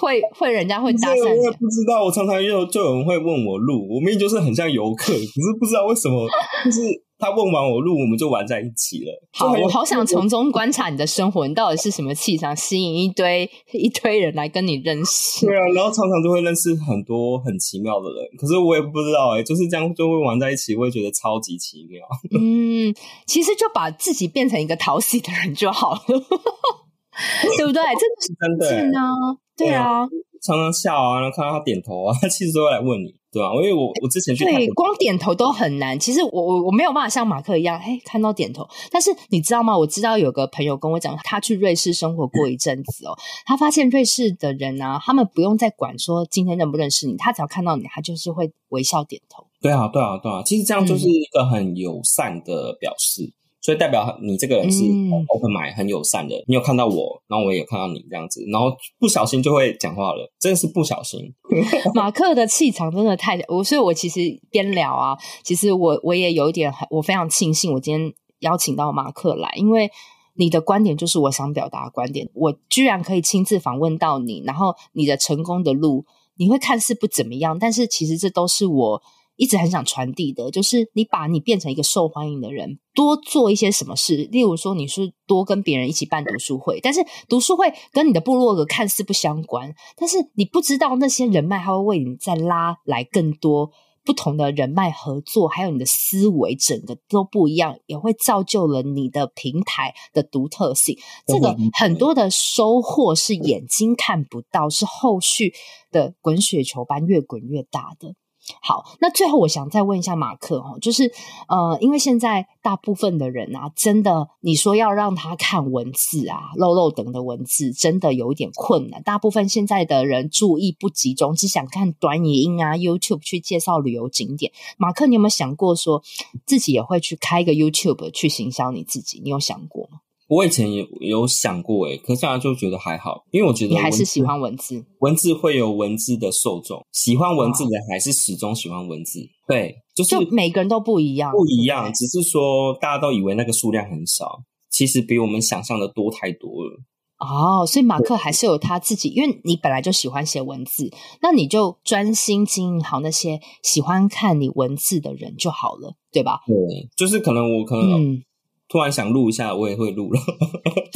會？會會人家會打。我也不知道。我常常又就有人會問我路，我們也就是很像遊客，可是不知道為什麼，就 是他問完我路，我們就玩在一起了。好，我好想從中觀察你的生活，你到底是什麼氣場，吸引一堆一堆人來跟你認識？對啊，然後常常就會認識很多很奇妙的人，可是我也不知道哎、欸，就是這樣就會玩在一起，我也覺得超級奇妙。嗯，其實就把自己變成一個討喜的人就好了。 對不對？真的是真的呢。對啊、嗯，常常笑啊，然後看到他點頭啊，他其實都會來問你，對吧？因為我、欸、我之前去對，光點頭都很難。其實我我我沒有辦法像馬克一樣，嘿，看到點頭。但是你知道嗎？我知道有個朋友跟我講，他去瑞士生活過一陣子哦、嗯，他發現瑞士的人啊，他們不用再管說今天認不認識你，他只要看到你，他就是會微笑點頭。對啊，對啊，對啊。其實這樣就是一個很友善的表示。嗯所以代表你這個人是 open mind、嗯、很友善的，你有看到我，然後我也有看到你這樣子，然後不小心就會講話了，真的是不小心。 馬克的氣場真的太……我所以，我其實邊聊啊，其實我我也有一點很，我非常慶幸我今天邀請到馬克來，因為你的觀點就是我想表達的觀點，我居然可以親自訪問到你，然後你的成功的路，你會看似不怎麼樣，但是其實這都是我。一直很想傳遞的，就是你把你變成一個受歡迎的人，多做一些什麼事。例如說，你是多跟別人一起辦讀書會，但是讀書會跟你的部落格看似不相關，但是你不知道那些人脈還會為你再拉來更多不同的人脈合作，還有你的思維整個都不一樣，也會造就了你的平台的獨特性。這個很多的收穫是眼睛看不到，是後續的滾雪球般越滾越大的。好，那最後我想再問一下馬克哈，就是呃，因為現在大部分的人啊，真的你說要讓他看文字啊、漏漏等的文字，真的有一點困難。大部分現在的人注意不集中，只想看短影音啊。YouTube 去介紹旅遊景點，馬克，你有沒有想過說自己也會去開一個 YouTube 去行銷你自己？你有想過嗎？我以前也有想過誒、欸、可是現在就覺得還好，因為我覺得你還是喜歡文字，文字會有文字的受眾，喜歡文字的還是始終喜歡文字，哦、對，就是就每個人都不一樣，對，不一樣，只是說大家都以為那個數量很少，其實比我們想象的多太多了。哦，所以馬克還是有他自己，因為你本來就喜歡寫文字，那你就專心經營好那些喜歡看你文字的人就好了，對吧？對，就是可能我可能、嗯。突然想錄一下，我也會錄了。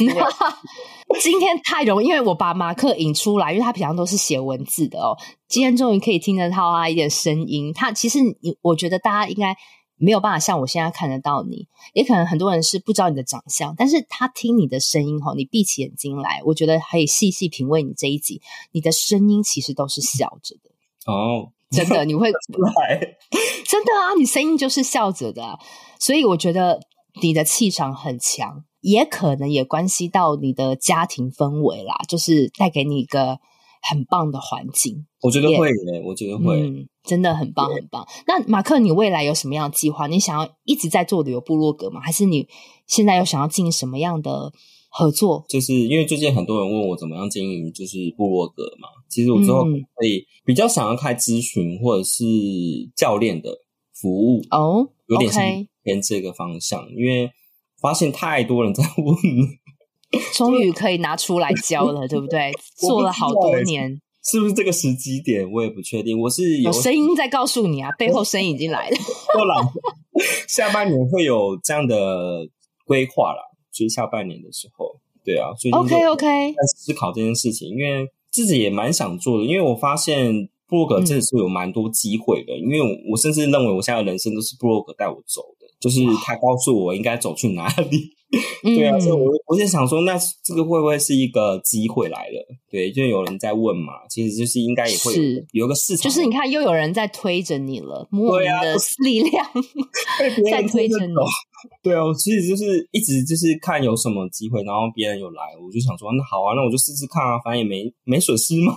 今天太容易，因為我把馬克引出來，因為他平常都是寫文字的哦。今天終於可以聽得到啊一點聲音。他其實你，我覺得大家應該沒有辦法像我現在看得到你，也可能很多人是不知道你的長相，但是他聽你的聲音哈、哦，你閉起眼睛來，我覺得可以細細品味你這一集，你的聲音其實都是笑着的哦。真的，你會出來？ 真的啊，你聲音就是笑着的、啊，所以我覺得。你的氣場很強，也可能也關係到你的家庭氛圍啦，就是帶給你一個很棒的環境。我覺得會，yeah, 我覺得會，嗯、真的很棒，很棒。Yeah. 那馬克，你未來有什麼樣的計劃？你想要一直在做旅遊部落格嗎？還是你現在又想要進行什麼樣的合作？就是因為最近很多人問我怎麼樣經營，就是部落格嘛。其實我之後可以、嗯、比較想要開諮詢或者是教練的服務哦，oh, 有點新、okay.。偏這個方向，因為發現太多人在問，終於可以拿出來教了， 對不對不？做了好多年，是不是這個時機點？我也不確定。我是有，有聲音在告訴你啊， 背後聲音已經來了。過 了，下半年會有這樣的規劃了，所、就、以、是、下半年的時候，對啊，最近 OK OK 在思考這件事情，因為自己也蠻想做的，因為我發現部落格真的是有蠻多機會的、嗯，因為我甚至認為我現在的人生都是部落格帶我走的。就是他告訴我應該走去哪裡，對啊、嗯，所以我就我就想說，那這個會不會是一個機會來了？對，就有人在問嘛，其實就是應該也會有，是有個市場。就是你看，又有人在推着你了，我啊。的力量、啊就是、 在推着你。對啊，我其實就是一直就是看有什麼機會，然後別人有來，我就想說，那好啊，那我就試試看啊，反正也沒沒損失嘛。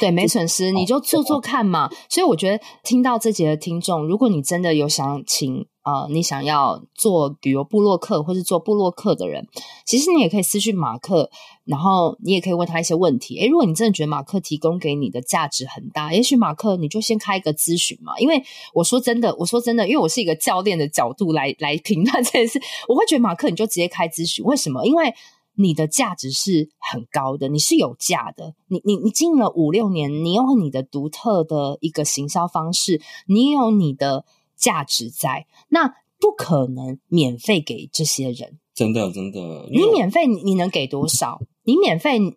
對，沒損失，就啊、你就做做看嘛、啊。所以我覺得聽到這集的聽眾，如果你真的有想請。呃，你想要做旅遊部落客或是做部落客的人，其實你也可以私訊馬克，然後你也可以問他一些問題。哎，如果你真的覺得馬克提供給你的價值很大，也許馬克你就先開一個諮詢嘛。因為我說真的，我說真的，因為我是一個教練的角度來來評判這件事，我會覺得馬克你就直接開諮詢。為什麼？因為你的價值是很高的，你是有價的。你你你經營了五六年，你用你的獨特的一個行銷方式，你有你的價值在，那不可能免費給這些人。真的，真的，你免費，你能給多少？你免費，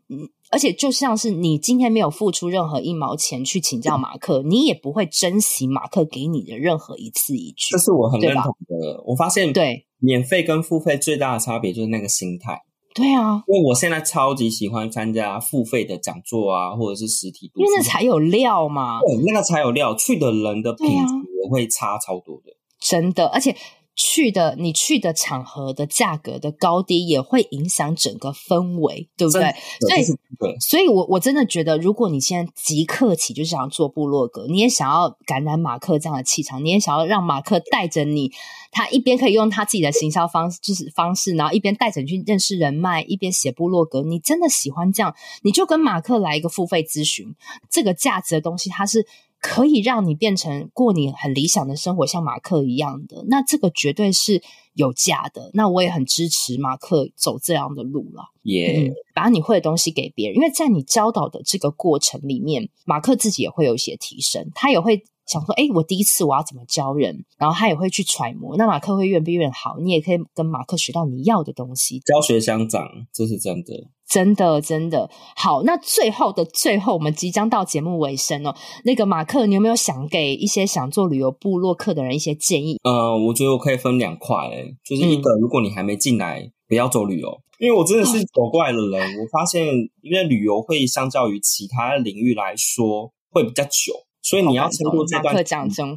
而且就像是你今天沒有付出任何一毛錢去請教馬克，你也不會珍惜馬克給你的任何一次一句。這是我很認同的。對，我發現，對免費跟付費最大的差別就是那個心態。對啊，因為我現在超級喜歡參加付費的講座啊，或者是實體，因為那才有料嘛，對、哦，那個才有料，去的人的品質也會差超多的，啊、真的，而且。去的你去的場合的價格的高低也會影響整個氛圍，對不對？所以，所以我我真的覺得，如果你現在即刻起就是想要做部落格，你也想要感染馬克這樣的氣場，你也想要讓馬克帶着你，他一邊可以用他自己的行銷方式，就是方式，然後一邊帶着你去認識人脈，一邊寫部落格。你真的喜歡這樣，你就跟馬克來一個付費諮詢，這個價值的東西，它是。可以讓你變成過你很理想的生活，像馬克一樣的，那這個絕對是有價的。那我也很支持馬克走這樣的路了，耶、yeah. 嗯。把你會的東西給別人，因為在你教導的這個過程裡面，馬克自己也會有一些提升，他也會。想說，哎，我第一次我要怎麼教人？然後他也會去揣摩。那馬克會越變越好，你也可以跟馬克學到你要的東西。教學相長，這是真的，真的真的。好，那最後的最後，我們即將到節目尾聲了，哦。那個馬克，你有沒有想給一些想做旅遊部落客的人一些建議？呃，我覺得我可以分兩塊，就是一個，如果你還沒進來，不要做旅遊，嗯，因為我真的是走怪了嘞，哦。我發現，因為旅遊會相較於其他領域來說會比較久。所以你要撐過這段期間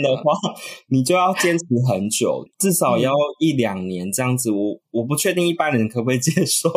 的話，的話 你就要堅持很久，至少要一兩年這樣子。我我不確定一般人可不可以接受。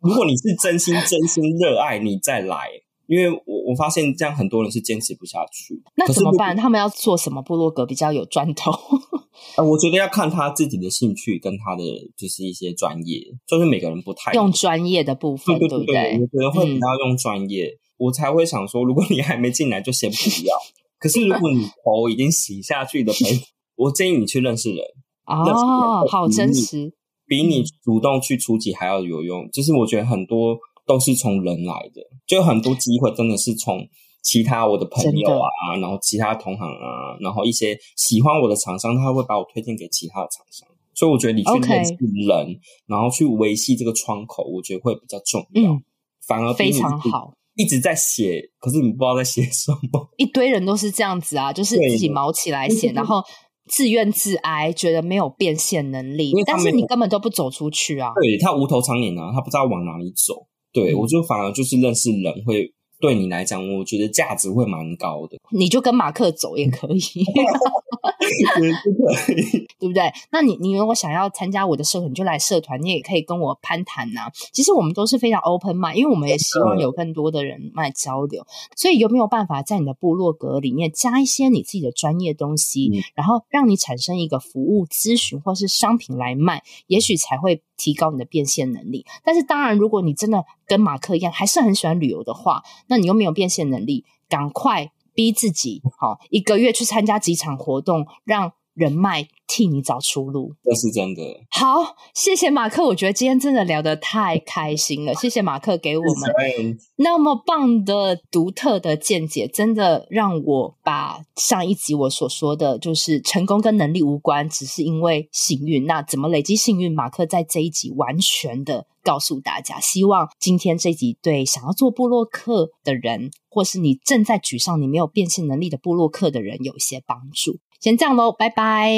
如果你是真心真心熱愛你再來，因為我我發現這樣很多人是堅持不下去。那怎麼辦？他們要做什麼？部落格比較有賺頭。 啊，我覺得要看他自己的興趣跟他的就是一些專業，就是每個人不太用專業的部分對對對，對不對？我覺得會比較要用專業。嗯我才會想說，如果你還沒進來就，就先不要。可是如果你頭已經洗下去的朋友， 我建議你去認識人啊、oh,，好真實，比你，比你主動去出擊還要有用。就是我覺得很多都是從人來的，就很多機會真的是從其他我的朋友啊，然後其他同行啊，然後一些喜歡我的廠商，他會把我推薦給其他的廠商。所以我覺得你去認識人，Okay. 然後去維繫這個窗口，我覺得會比較重要。嗯、反而比你非常好。一直在寫，可是你不知道在寫什麼。一堆人都是這樣子啊，就是自己卯起來寫，然後自怨自艾，覺得沒有變現能力。因為但是你根本就不走出去啊，對，他無頭蒼蠅啊，他不知道往哪裡走。對，嗯，我就反而就是認識人會。對你來講，我覺得價值會蠻高的。你就跟馬克走也可以， 其實不可以，對不對？那你你如果想要參加我的社團，你就來社團，你也可以跟我攀談吶，啊。其實我們都是非常 open mind，因為我們也希望有更多的人來交流，嗯。所以有沒有辦法在你的部落格裡面加一些你自己的專業東西，嗯、然後讓你產生一個服務諮詢或是商品來賣，也許才會。提高你的變現能力，但是當然，如果你真的跟馬克一樣，還是很喜歡旅遊的話，那你又沒有變現能力，趕快逼自己好一個月去參加幾場活動，讓人脈替你找出路，這是真的。好，謝謝馬克，我覺得今天真的聊得太開心了。 謝謝馬克給我們 那麼棒的獨特的見解，真的讓我把上一集我所說的就是成功跟能力無關，只是因為幸運。那怎麼累積幸運？馬克在這一集完全的告訴大家。希望今天這一集對想要做部落客的人，或是你正在沮喪你沒有變現能力的部落客的人，有一些幫助。先這樣嘍，拜拜，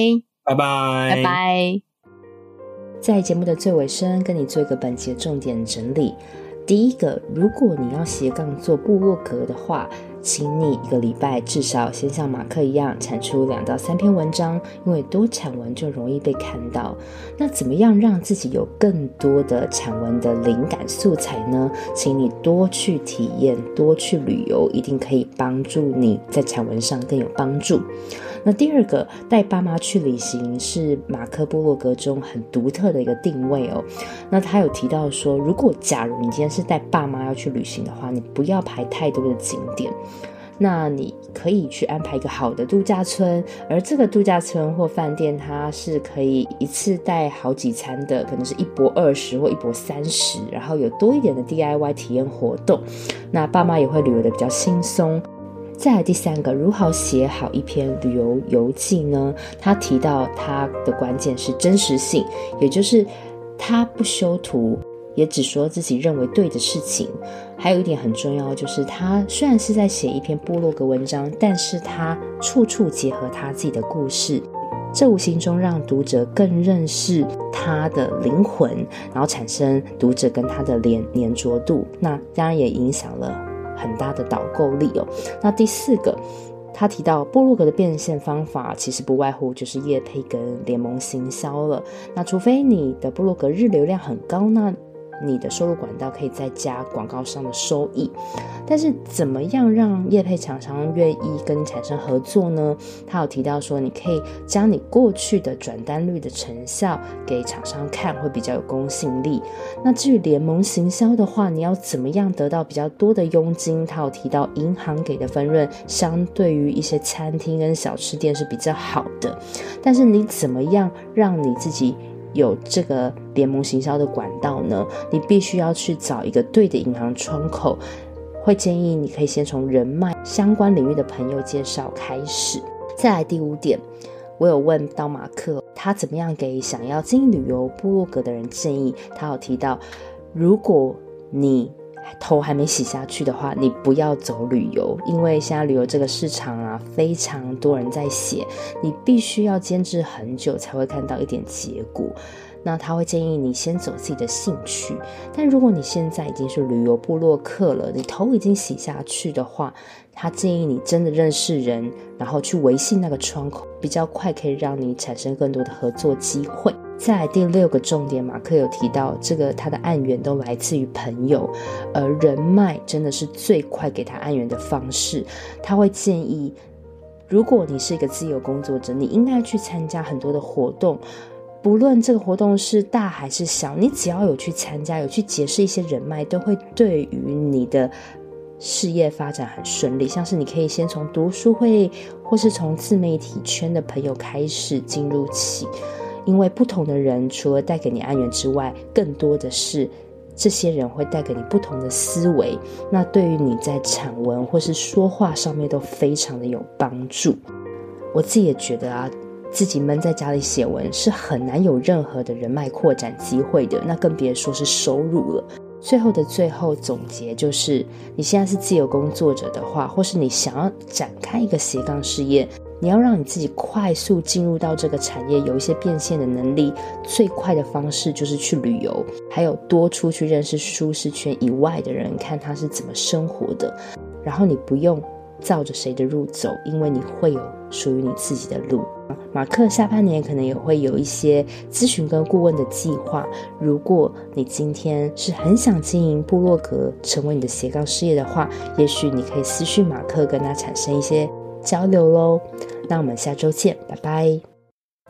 拜拜，拜拜。在節目的最尾聲，跟你做一個本期重點整理。第一個，如果你要斜槓做部落格的話，請你一個禮拜至少先像馬克一樣產出兩到三篇文章，因為多產文就容易被看到。那怎麼樣讓自己有更多的產文的靈感素材呢？請你多去體驗，多去旅遊，一定可以幫助你在產文上更有幫助。那第二個，帶爸媽去旅行是《馬克部落格》中很獨特的一個定位哦。那他有提到說，如果假如你今天是帶爸媽要去旅行的話，你不要排太多的景點，那你可以去安排一個好的度假村，而這個度假村或飯店它是可以一次帶好幾餐的，可能是一泊二食或一泊三食，然後有多一點的 DIY 體驗活動，那爸媽也會旅遊得比較輕鬆。再來第三個，如何寫好一篇旅遊遊記呢？他提到他的關鍵是真實性，也就是他不修圖，也只說自己認為對的事情。還有一點很重要，就是他雖然是在寫一篇部落格文章，但是他處處結合他自己的故事，這無形中讓讀者更認識他的靈魂，然後產生讀者跟他的連黏著度，那當然也影響了。很大的導購力哦。那第四個，他提到部落格的變現方法，其實不外乎就是業配跟聯盟行銷了。那除非你的部落格日流量很高呢？你的收入管道可以再加廣告上的收益，但是怎麼樣讓業配廠商願意跟你產生合作呢？他有提到說，你可以將你過去的轉單率的成效給廠商看，會比較有公信力。那至於聯盟行銷的話，你要怎麼樣得到比較多的佣金？他有提到銀行給的分潤相對於一些餐廳跟小吃店是比較好的，但是你怎麼樣讓你自己？有這個聯盟行銷的管道呢，你必須要去找一個對的銀行窗口。會建議你可以先從人脈相關領域的朋友介紹開始。再來第五點，我有問到馬克，他怎麼樣給想要經營旅遊部落格的人建議？他有提到，如果你。頭還沒洗下去的話，你不要走旅遊，因為現在旅遊這個市場啊，非常多人在寫，你必須要堅持很久才會看到一點結果。那他會建議你先走自己的興趣，但如果你現在已經是旅遊部落客了，你頭已經洗下去的話，他建議你真的認識人，然後去維繫那個窗口，比較快可以讓你產生更多的合作機會。再來第六個重點，馬克有提到這個他的案源都來自於朋友，而人脈真的是最快給他案源的方式。他會建議，如果你是一個自由工作者，你應該去參加很多的活動，不論這個活動是大還是小，你只要有去參加，有去結識一些人脈，都會對於你的。事業發展很順利，像是你可以先從讀書會或是從自媒體圈的朋友開始進入起，因為不同的人除了帶給你案源之外，更多的是這些人會帶給你不同的思維，那對於你在產文或是說話上面都非常的有幫助。我自己也覺得啊，自己悶在家裡寫文是很難有任何的人脈擴展機會的，那更別說是收入了。最後的最後總結就是，你現在是自由工作者的話，或是你想要展開一個斜槓事業，你要讓你自己快速進入到這個產業，有一些變現的能力，最快的方式就是去旅遊，還有多出去認識舒適圈以外的人，看他是怎麼生活的，然後你不用照着誰的路走，因為你會有屬於你自己的路。馬克下半年可能也會有一些諮詢跟顧問的計劃。如果你今天是很想經營部落格成為你的斜槓事業的話，也許你可以私訊馬克，跟他產生一些交流嘍。那我們下周見，拜拜！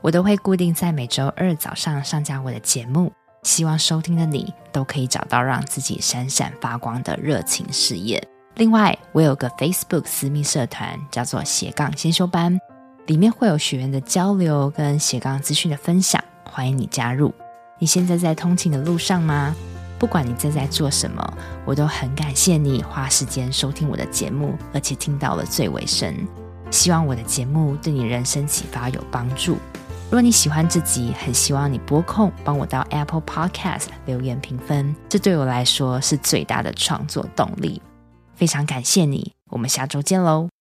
我都會固定在每周二早上上架我的節目，希望收聽的你都可以找到讓自己閃閃發光的熱情事業。另外，我有個 Facebook 私密社團，叫做斜槓先修班。裡面會有學員的交流跟斜槓資訊的分享，歡迎你加入。你現在在通勤的路上嗎？不管你正在做什麼，我都很感謝你花時間收聽我的節目，而且聽到了最尾聲。希望我的節目對你人生啟發有幫助。如果你喜歡這集，很希望你撥空幫我到 Apple Podcast 留言評分，這對我來說是最大的創作動力。非常感謝你，我們下週見嘍。